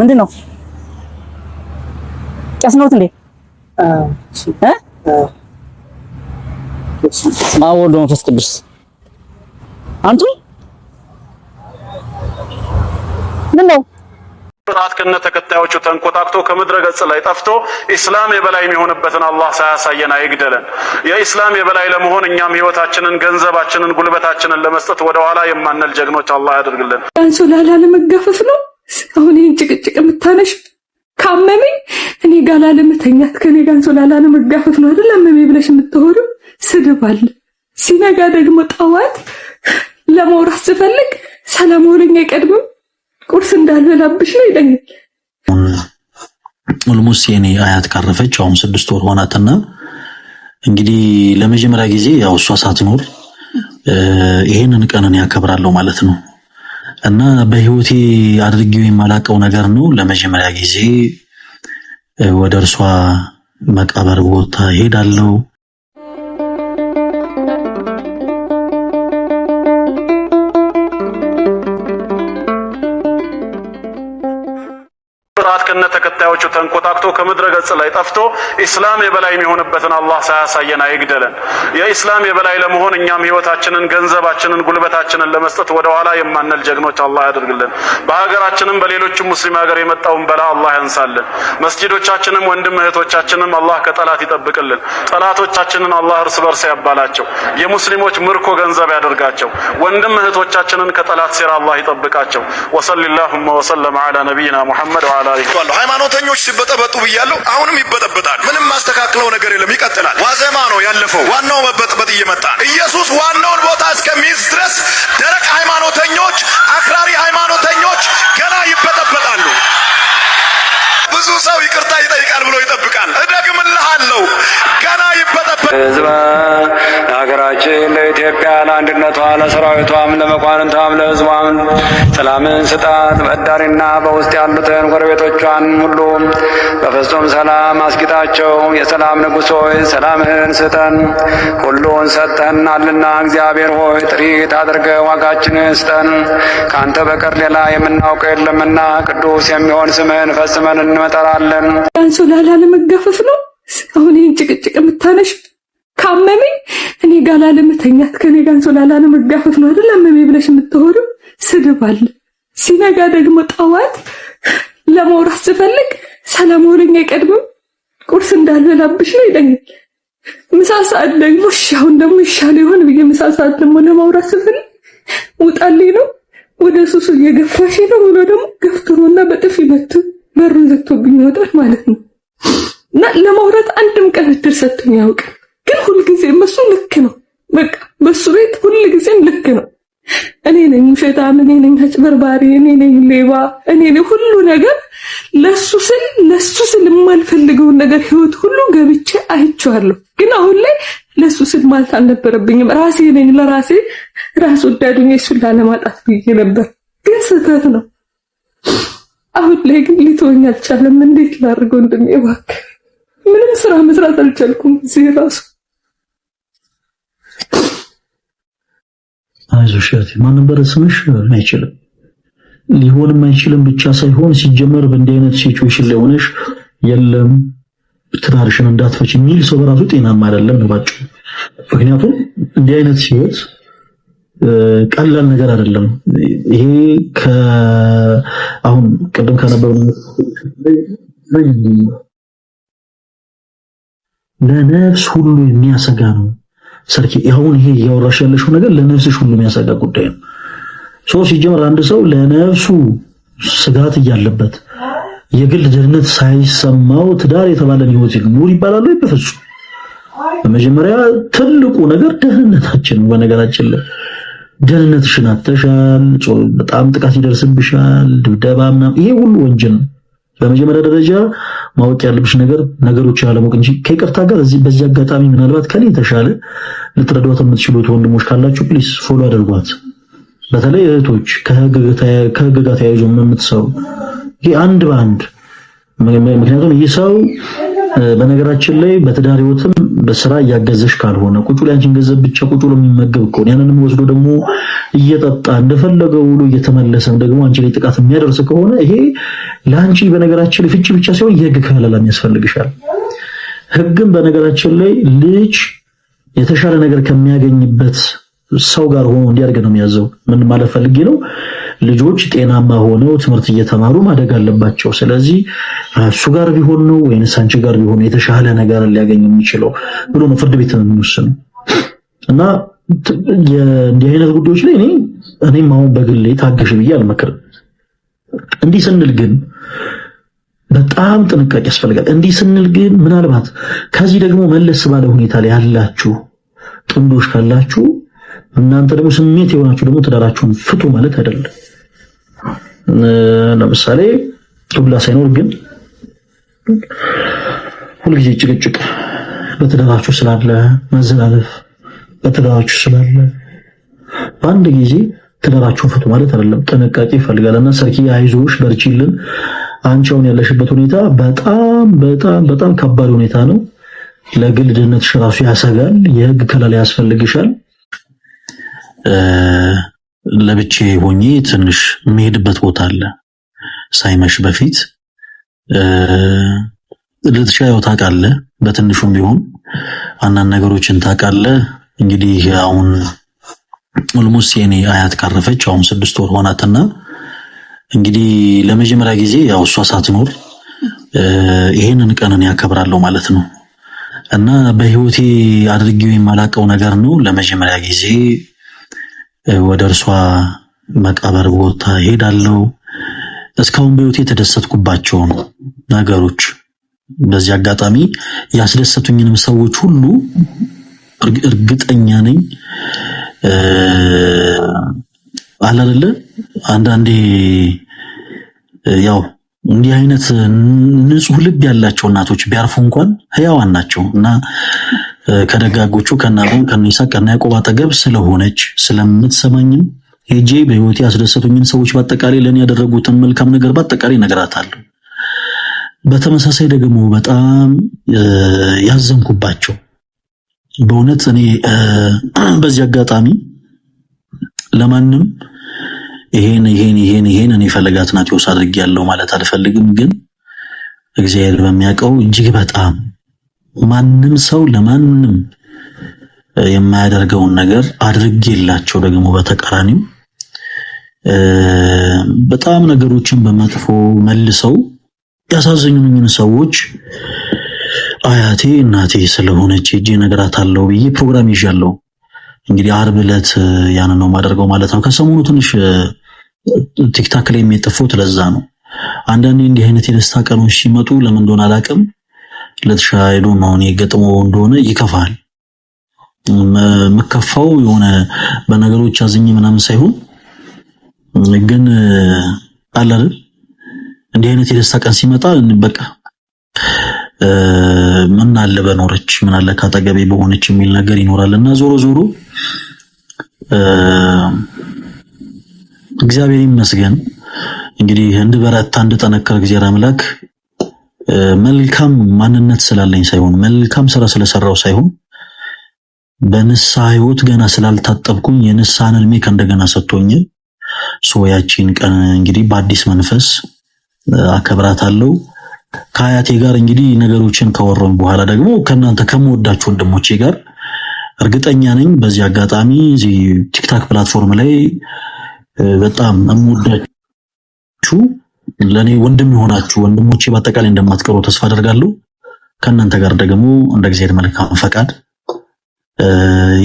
ምንድን ነው ጨስነውት እንዴ? አብ ወልድ መንፈስ ቅዱስ አንቱ ምን ነው ፍርሃት ከነ ተከታዮቹ ተንኮታክቶ ከምድረ ገጽ ላይ ጠፍቶ ኢስላም የበላይ የሚሆንበትን አላህ ሳያሳየን አይግደለን። የኢስላም የበላይ ለመሆን እኛም ህይወታችንን፣ ገንዘባችንን፣ ጉልበታችንን ለመስጠት ወደ ኋላ የማንል ጀግኖች አላህ ያደርግልን። አንሶ ላላ ነው። አሁን ይህን ጭቅጭቅ የምታነሽ ካመመኝ እኔ ጋር ላለመተኛት ከኔ ጋር አንሶላ ላለመጋፈት ነው አይደል? አመሜ ብለሽ የምትሆኑ ስድብ አለ። ሲነጋ ደግሞ ጠዋት ለመውራት ስፈልግ ሰላም ወለኝ አይቀድምም ቁርስ እንዳልበላብሽ ነው ይለኛል። ኦልሞስት የኔ አያት ካረፈች አሁን ስድስት ወር ሆናትና እንግዲህ ለመጀመሪያ ጊዜ ያው እሷ ሳትኖር ይሄንን ቀንን ያከብራለሁ ማለት ነው። እና በህይወቴ አድርጌው የማላቀው ነገር ነው። ለመጀመሪያ ጊዜ ወደ እርሷ መቃበር ቦታ ሄዳለው። ስርዓት ከነ ተከታዮቹ ተንኮታክቶ ከምድረ ገጽ ላይ ጠፍቶ ኢስላም የበላይ የሚሆንበትን አላህ ሳያሳየን አይግደለን። የኢስላም የበላይ ለመሆን እኛም ህይወታችንን፣ ገንዘባችንን፣ ጉልበታችንን ለመስጠት ወደ ኋላ የማንል ጀግኖች አላህ ያደርግልን። በሀገራችንም በሌሎችም ሙስሊም ሀገር የመጣውን በላ አላህ ያንሳልን። መስጂዶቻችንም ወንድም እህቶቻችንም አላህ ከጠላት ይጠብቅልን። ጠላቶቻችንን አላህ እርስ በርስ ያባላቸው። የሙስሊሞች ምርኮ ገንዘብ ያደርጋቸው። ወንድም እህቶቻችንን ከጠላት ሴራ አላህ ይጠብቃቸው። ወሰለላሁ ወሰለም ዐላ ነቢይና ሙሐመድ ወዐላ አብራርቼዋለሁ። ሃይማኖተኞች ሲበጠበጡ ብያለሁ። አሁንም ይበጠበጣል። ምንም ማስተካክለው ነገር የለም። ይቀጥላል። ዋዜማ ነው ያለፈው። ዋናው መበጥበጥ እየመጣ ኢየሱስ ዋናውን ቦታ እስከሚይዝ ድረስ ደረቅ ሃይማኖተኞች፣ አክራሪ ሃይማኖተኞች ገና ይበጠበጣሉ። ብዙ ሰው ይቅርታ ይጠይቃል ብሎ ይጠብቃል። እደግምልሃለሁ ገና ይበጠበጣል። ህዝበ ሀገራችን ለኢትዮጵያ ለአንድነቷ፣ ለሰራዊቷም፣ ለመኳንንቷም፣ ለሕዝቧም ሰላምን ስጣት። በዳሪና በውስጥ ያሉትን ጎረቤቶቿን ሁሉ በፍጹም ሰላም አስጊጣቸው። የሰላም ንጉሥ ሆይ ሰላምህን ስጠን። ሁሉን ሰጥተናልና እግዚአብሔር ሆይ ጥሪት አድርገ ዋጋችንን ስጠን። ከአንተ በቀር ሌላ የምናውቀው የለምና ቅዱስ የሚሆን ስምህን ፈጽመን እንመጠራለን። ያንሶ ላላ ነው አሁን ይህን ጭቅጭቅ የምታነሽ ካመመኝ እኔ ጋር ላለመተኛት ከኔ ጋር አንሶላ ላለመጋፈት ነው አይደል? አመመኝ ብለሽ የምትሆኑ ስድብ አለ። ሲነጋ ደግሞ ጠዋት ለማውራት ስፈልግ ሰላም ሆነኝ አይቀድምም ቁርስ እንዳልበላብሽ ነው ይለኛል። ምሳ ሰዓት ደግሞ እሺ አሁን ደግሞ ይሻል ይሆን ብዬ ምሳ ሰዓት ደግሞ ለማውራት ስፈልግ ውጣልኝ ነው ወደ ሱሱ እየገፋሽ ነው ብሎ ደግሞ ገፍትሮና በጥፊ መቶ በሩን ዘግቶብኝ ይወጣል ማለት ነው እና ለማውራት አንድም ቀን እድል ሰጥቶኝ አያውቅም። ሁልጊዜም እሱ ልክ ነው። በቃ በሱ ቤት ሁልጊዜም ልክ ነው። እኔ ነኝ ውሸታም፣ እኔ ነኝ አጭበርባሪ፣ እኔ ነኝ ሌባ፣ እኔ ነኝ ሁሉ ነገር። ለሱ ስል ለሱ ስል የማልፈልገውን ነገር ህይወት ሁሉ ገብቼ አይቼዋለሁ። ግን አሁን ላይ ለሱ ስል ማለት አልነበረብኝም። ራሴ ነኝ ለራሴ ራስ ወዳዱኝ እሱን ላለማጣት ብዬ ነበር። ግን ስህተት ነው። አሁን ላይ ግን ሊተወኝ አልቻለም። እንዴት ላድርገው? እባክህ ምንም ስራ መስራት አልቻልኩም እዚህ ራሱ አይዞሽ እህቴ። ማን ነበር ስምሽ? አይችልም ሊሆንም አይችልም ብቻ ሳይሆን ሲጀመር በእንዲህ አይነት ሲቹዌሽን ላይ ሆነሽ የለም ትዳርሽን እንዳትፈች የሚል ሰው በራሱ ጤናማ አይደለም ነው ባጭሩ። ምክንያቱም እንዲህ አይነት ህይወት ቀላል ነገር አይደለም። ይሄ አሁን ቅድም ከነበሩ ለነፍስ ሁሉ የሚያሰጋ ነው። ሰርኪ ይሁን ይሄ እያወራሽ ያለሽው ነገር ለነፍስሽ ሁሉ የሚያሰጋ ጉዳይ ነው። ሰው ሲጀምር አንድ ሰው ለነፍሱ ስጋት እያለበት የግል ደህንነት ሳይሰማው ትዳር የተባለን ህይወት ይኑር ይባላል ወይ? በመጀመሪያ ትልቁ ነገር ደህንነታችን። በነገራችን ላይ ደህንነትሽን በጣም ጥቃት ይደርስብሻል፣ ድብደባ ምናምን፣ ይሄ ሁሉ ወንጀል ነው። በመጀመሪያ ደረጃ ማወቅ ያለብሽ ነገር ነገሮች ያለማወቅ እንጂ ከይቅርታ ጋር እዚህ በዚህ አጋጣሚ ምናልባት ከኔ የተሻለ ልትረዷት የምትችሉት ወንድሞች ካላችሁ ፕሊስ ፎሎ አድርጓት። በተለይ እህቶች ከህግ ጋር ተያይዞ የምትሰሩ ይህ አንድ በአንድ ምክንያቱም ይህ ሰው በነገራችን ላይ በትዳር ህይወትም በስራ እያገዘሽ ካልሆነ ቁጭ ላይ አንቺን ገንዘብ ብቻ ቁጭ ብሎ የሚመገብ ከሆነ ያንንም ወስዶ ደግሞ እየጠጣ እንደፈለገው ውሎ እየተመለሰም ደግሞ አንቺ ላይ ጥቃት የሚያደርስ ከሆነ ይሄ ለአንቺ በነገራችን ላይ ፍቺ ብቻ ሲሆን የህግ ከለላም ያስፈልግሻል። ህግም በነገራችን ላይ ልጅ የተሻለ ነገር ከሚያገኝበት ሰው ጋር ሆኖ እንዲያድግ ነው የሚያዘው። ምን ማለት ፈልጌ ነው? ልጆች ጤናማ ሆነው ትምህርት እየተማሩ ማደግ አለባቸው። ስለዚህ እሱ ጋር ቢሆን ነው ወይንስ ሳንቺ ጋር ቢሆን የተሻለ ነገር ሊያገኝ የሚችለው ብሎ ነው ፍርድ ቤት የሚወስነው እና እንዲህ አይነት ጉዳዮች ላይ እኔ እኔም አሁን በግሌ ታገሽ ብዬ አልመክርም። እንዲህ ስንል ግን በጣም ጥንቃቄ ያስፈልጋል። እንዲህ ስንል ግን ምናልባት ከዚህ ደግሞ መለስ ባለ ሁኔታ ላይ ያላችሁ ጥንዶች ካላችሁ እናንተ ደግሞ ስሜት የሆናችሁ ደግሞ ትዳራችሁን ፍቱ ማለት አይደለም። ለምሳሌ ዱላ ሳይኖር ግን ሁልጊዜ ጭቅጭቅ በትዳራችሁ ስላለ መዘላለፍ በትዳራችሁ ስላለ በአንድ ጊዜ ትዳራችሁን ፍቱ ማለት አይደለም። ጥንቃቄ ይፈልጋልና ሰርኪ አይዞሽ በርቺልን። አንቺ አሁን ያለሽበት ሁኔታ በጣም በጣም በጣም ከባድ ሁኔታ ነው። ለግል ደህንነትሽ ራሱ ያሰጋል። የህግ ከለላ ያስፈልግሻል። ለብቼ ሆኜ ትንሽ የሚሄድበት ቦታ አለ። ሳይመሽ በፊት ልትሻየው ታውቃለህ፣ በትንሹም ቢሆን አንዳንድ ነገሮችን ታቃለ እንግዲህ አሁን ኦልሞስት የኔ አያት ካረፈች አሁን ስድስት ወር ሆናትና እንግዲህ ለመጀመሪያ ጊዜ ያው እሷ ሳትኖር ይሄንን ቀንን ያከብራለሁ ማለት ነው እና በህይወቴ አድርጌው የማላውቀው ነገር ነው ለመጀመሪያ ጊዜ ወደ እርሷ መቃበር ቦታ ሄዳለው እስካሁን በሕይወቴ የተደሰትኩባቸውን ነገሮች በዚህ አጋጣሚ ያስደሰቱኝንም ሰዎች ሁሉ እርግጠኛ ነኝ አለ አንዳንዴ ያው እንዲህ አይነት ንጹህ ልብ ያላቸው እናቶች ቢያርፉ እንኳን ህያዋን ናቸው እና ከደጋጎቹ ከናብን ከነይስሐቅ ከነ ያዕቆብ አጠገብ ስለሆነች ስለምትሰማኝም ሄጄ በህይወቴ ያስደሰቱኝን ሰዎች በአጠቃላይ ለእኔ ያደረጉትን መልካም ነገር በአጠቃላይ እነግራታለሁ። በተመሳሳይ ደግሞ በጣም ያዘንኩባቸው በእውነት እኔ በዚህ አጋጣሚ ለማንም ይሄን ይሄን ይሄን ይሄን እኔ ፈለጋት ናት ይወስ ያለው ማለት አልፈልግም፣ ግን እግዚአብሔር በሚያውቀው እጅግ በጣም ማንም ሰው ለማንም የማያደርገውን ነገር አድርጌላቸው ደግሞ በተቃራኒው በጣም ነገሮችን በመጥፎ መልሰው ያሳዘኙኝን ሰዎች አያቴ እናቴ ስለሆነች ነገራት አለው ብዬ ፕሮግራም ይዣለሁ። እንግዲህ አርብ ዕለት ያን ነው የማደርገው ማለት ነው። ከሰሞኑ ትንሽ ቲክታክ ላይ የሚጠፉት ለዛ ነው። አንዳንዴ እንዲህ አይነት የደስታ ቀኖች ሲመጡ ለምን እንደሆነ አላውቅም ለተሻይሎ መሆን የገጥሞ እንደሆነ ይከፋል። የምከፋው የሆነ በነገሮች አዝኝ ምናምን ሳይሆን ግን አለ አይደል እንዲህ አይነት የደስታ ቀን ሲመጣ በቃ ምን አለ በኖረች ምን አለ ካጠገቤ በሆነች የሚል ነገር ይኖራል እና ዞሮ ዞሮ እግዚአብሔር ይመስገን እንግዲህ እንድበረታ እንድጠነከር እግዚአብሔር አምላክ መልካም ማንነት ስላለኝ ሳይሆን መልካም ስራ ስለሰራው ሳይሆን በንስሐ ህይወት ገና ስላልታጠብኩኝ የንስሐን እድሜ ከእንደገና ሰጥቶኝ ሶያችን ቀን እንግዲህ በአዲስ መንፈስ አከብራታለሁ። ከአያቴ ጋር እንግዲህ ነገሮችን ከወረን በኋላ ደግሞ ከእናንተ ከምወዳችሁ ወንድሞቼ ጋር እርግጠኛ ነኝ በዚህ አጋጣሚ እዚህ ቲክታክ ፕላትፎርም ላይ በጣም የምወዳችሁ ለእኔ ወንድም የሆናችሁ ወንድሞቼ በአጠቃላይ እንደማትቀሩ ተስፋ አደርጋለሁ። ከእናንተ ጋር ደግሞ እንደ ጊዜ መልካም ፈቃድ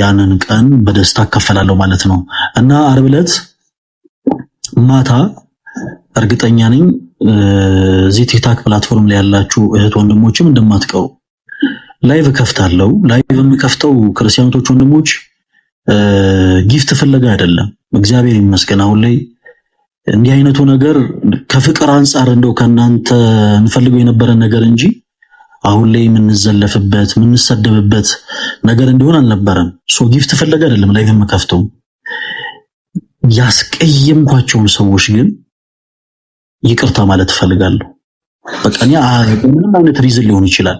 ያንን ቀን በደስታ እካፈላለሁ ማለት ነው እና ዓርብ ዕለት ማታ እርግጠኛ ነኝ እዚህ ቲክታክ ፕላትፎርም ላይ ያላችሁ እህት ወንድሞችም እንደማትቀሩ ላይቭ እከፍታለሁ። ላይቭ የምከፍተው ክርስቲያኖቶች ወንድሞች ጊፍት ፍለጋ አይደለም። እግዚአብሔር ይመስገን አሁን ላይ እንዲህ አይነቱ ነገር ከፍቅር አንጻር እንደው ከእናንተ እንፈልገው የነበረ ነገር እንጂ አሁን ላይ የምንዘለፍበት የምንሰደብበት ነገር እንዲሆን አልነበረም። ሶ ጊፍት ፈለገ አይደለም ላይ የምከፍተው ያስቀየምኳቸውን ሰዎች ግን ይቅርታ ማለት እፈልጋለሁ። በቃ እኔ ምንም አይነት ሪዝን ሊሆን ይችላል፣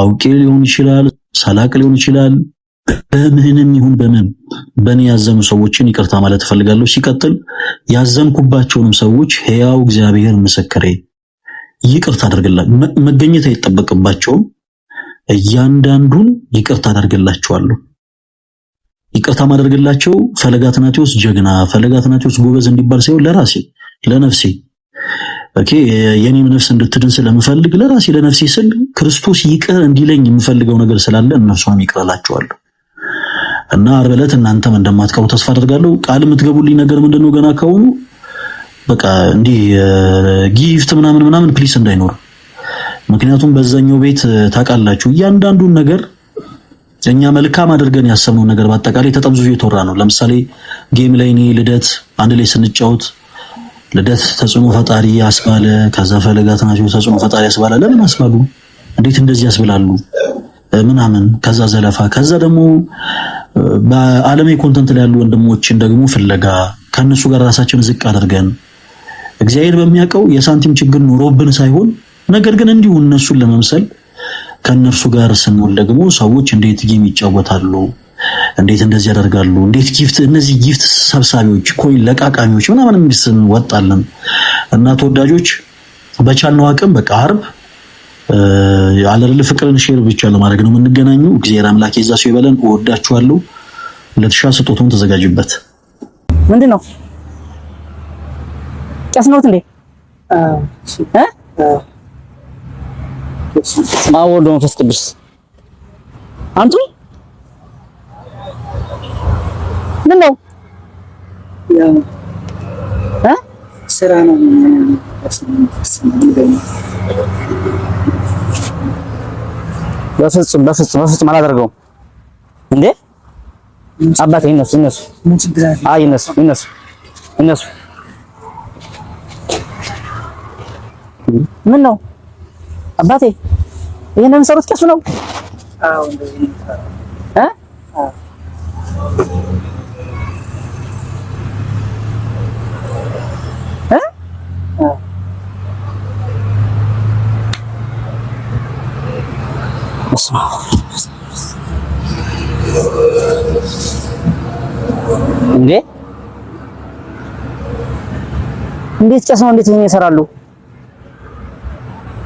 አውቄ ሊሆን ይችላል፣ ሳላቅ ሊሆን ይችላል በምህንም ይሁን በምን በእኔ ያዘኑ ሰዎችን ይቅርታ ማለት እፈልጋለሁ። ሲቀጥል ያዘንኩባቸውንም ሰዎች ሕያው እግዚአብሔር ምስክሬ ይቅርታ አደርግላል። መገኘት አይጠበቅባቸውም። እያንዳንዱን ይቅርታ አደርግላቸዋለሁ። ይቅርታ ማደርግላቸው ፈለገ አትናቴዎስ ጀግና፣ ፈለገ አትናቴዎስ ጎበዝ እንዲባል ሳይሆን ለራሴ ለነፍሴ ኦኬ፣ የኔም ነፍስ እንድትድን ስለምፈልግ ለራሴ ለነፍሴ ስል ክርስቶስ ይቅር እንዲለኝ የምፈልገው ነገር ስላለ እነርሷም ይቅር እና ዓርብ ዕለት እናንተም እንደማትቀሩ ተስፋ አደርጋለሁ። ቃል የምትገቡልኝ ነገር ምንድን ነው? ገና ከሆኑ በቃ እንዲህ ጊፍት ምናምን ምናምን ፕሊስ እንዳይኖር። ምክንያቱም በዛኛው ቤት ታውቃላችሁ፣ እያንዳንዱን ነገር እኛ መልካም አድርገን ያሰብነውን ነገር በአጠቃላይ ተጠምዙ የተወራ ነው። ለምሳሌ ጌም ላይ እኔ ልደት አንድ ላይ ስንጫወት ልደት ተጽዕኖ ፈጣሪ አስባለ፣ ከዛ ፈለጋት ናቸው ተጽዕኖ ፈጣሪ አስባለ። ለምን አስባሉ? እንዴት እንደዚህ ያስብላሉ? ምናምን ከዛ ዘለፋ ከዛ ደግሞ በዓለም ኮንተንት ላይ ያሉ ወንድሞችን ደግሞ ፍለጋ ከነሱ ጋር ራሳችን ዝቅ አድርገን እግዚአብሔር በሚያውቀው የሳንቲም ችግር ኑሮብን ሳይሆን ነገር ግን እንዲሁ እነሱን ለመምሰል ከእነርሱ ጋር ስንሆን ደግሞ ሰዎች እንዴት ጌም ይጫወታሉ፣ እንዴት እንደዚህ ያደርጋሉ፣ እንዴት ጊፍት እነዚህ ጊፍት ሰብሳቢዎች፣ ኮይ ለቃቃሚዎች ምናምን የሚስም ወጣለን እና ተወዳጆች በቻልነው አቅም በቃ አርብ አለርል ፍቅርን ሼር ብቻ ለማድረግ ነው የምንገናኙ። እግዚአብሔር አምላክ የዛ ሰው ይበለን። እወዳችኋለሁ። ለትሻ ስጦታውን ተዘጋጅበት። ምንድን ነው ቄስ ነውት እንዴ? አዎ ወልድ መንፈስ ቅዱስ አንቱ ምን ነው ስራ ነው በፍጹም በፍጹም በፍጹም አላደርገውም። እንዴ አባቴ ይነሱ ይነሱ፣ አይ ይነሱ ይነሱ ይነሱ። ምን ነው አባቴ ይሄን የምሰሩት ቄሱ ነው? አዎ እንደዚህ ነው። እንዴ እንዴት ጨስ ነው? እንዴት ይሄን ይሰራሉ?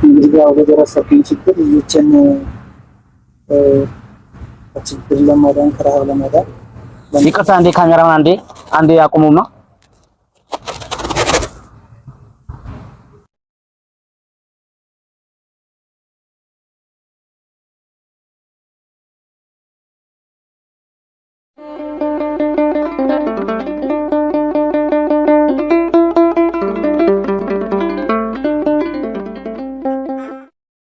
እንግዲህ ያው በደረሰብኝ ችግር ልጆችን ችግር ለማዳን ከረሃብ ለማዳን ይቅርታ፣ አንዴ ካሜራውን አንዴ አንዴ አቁሙማ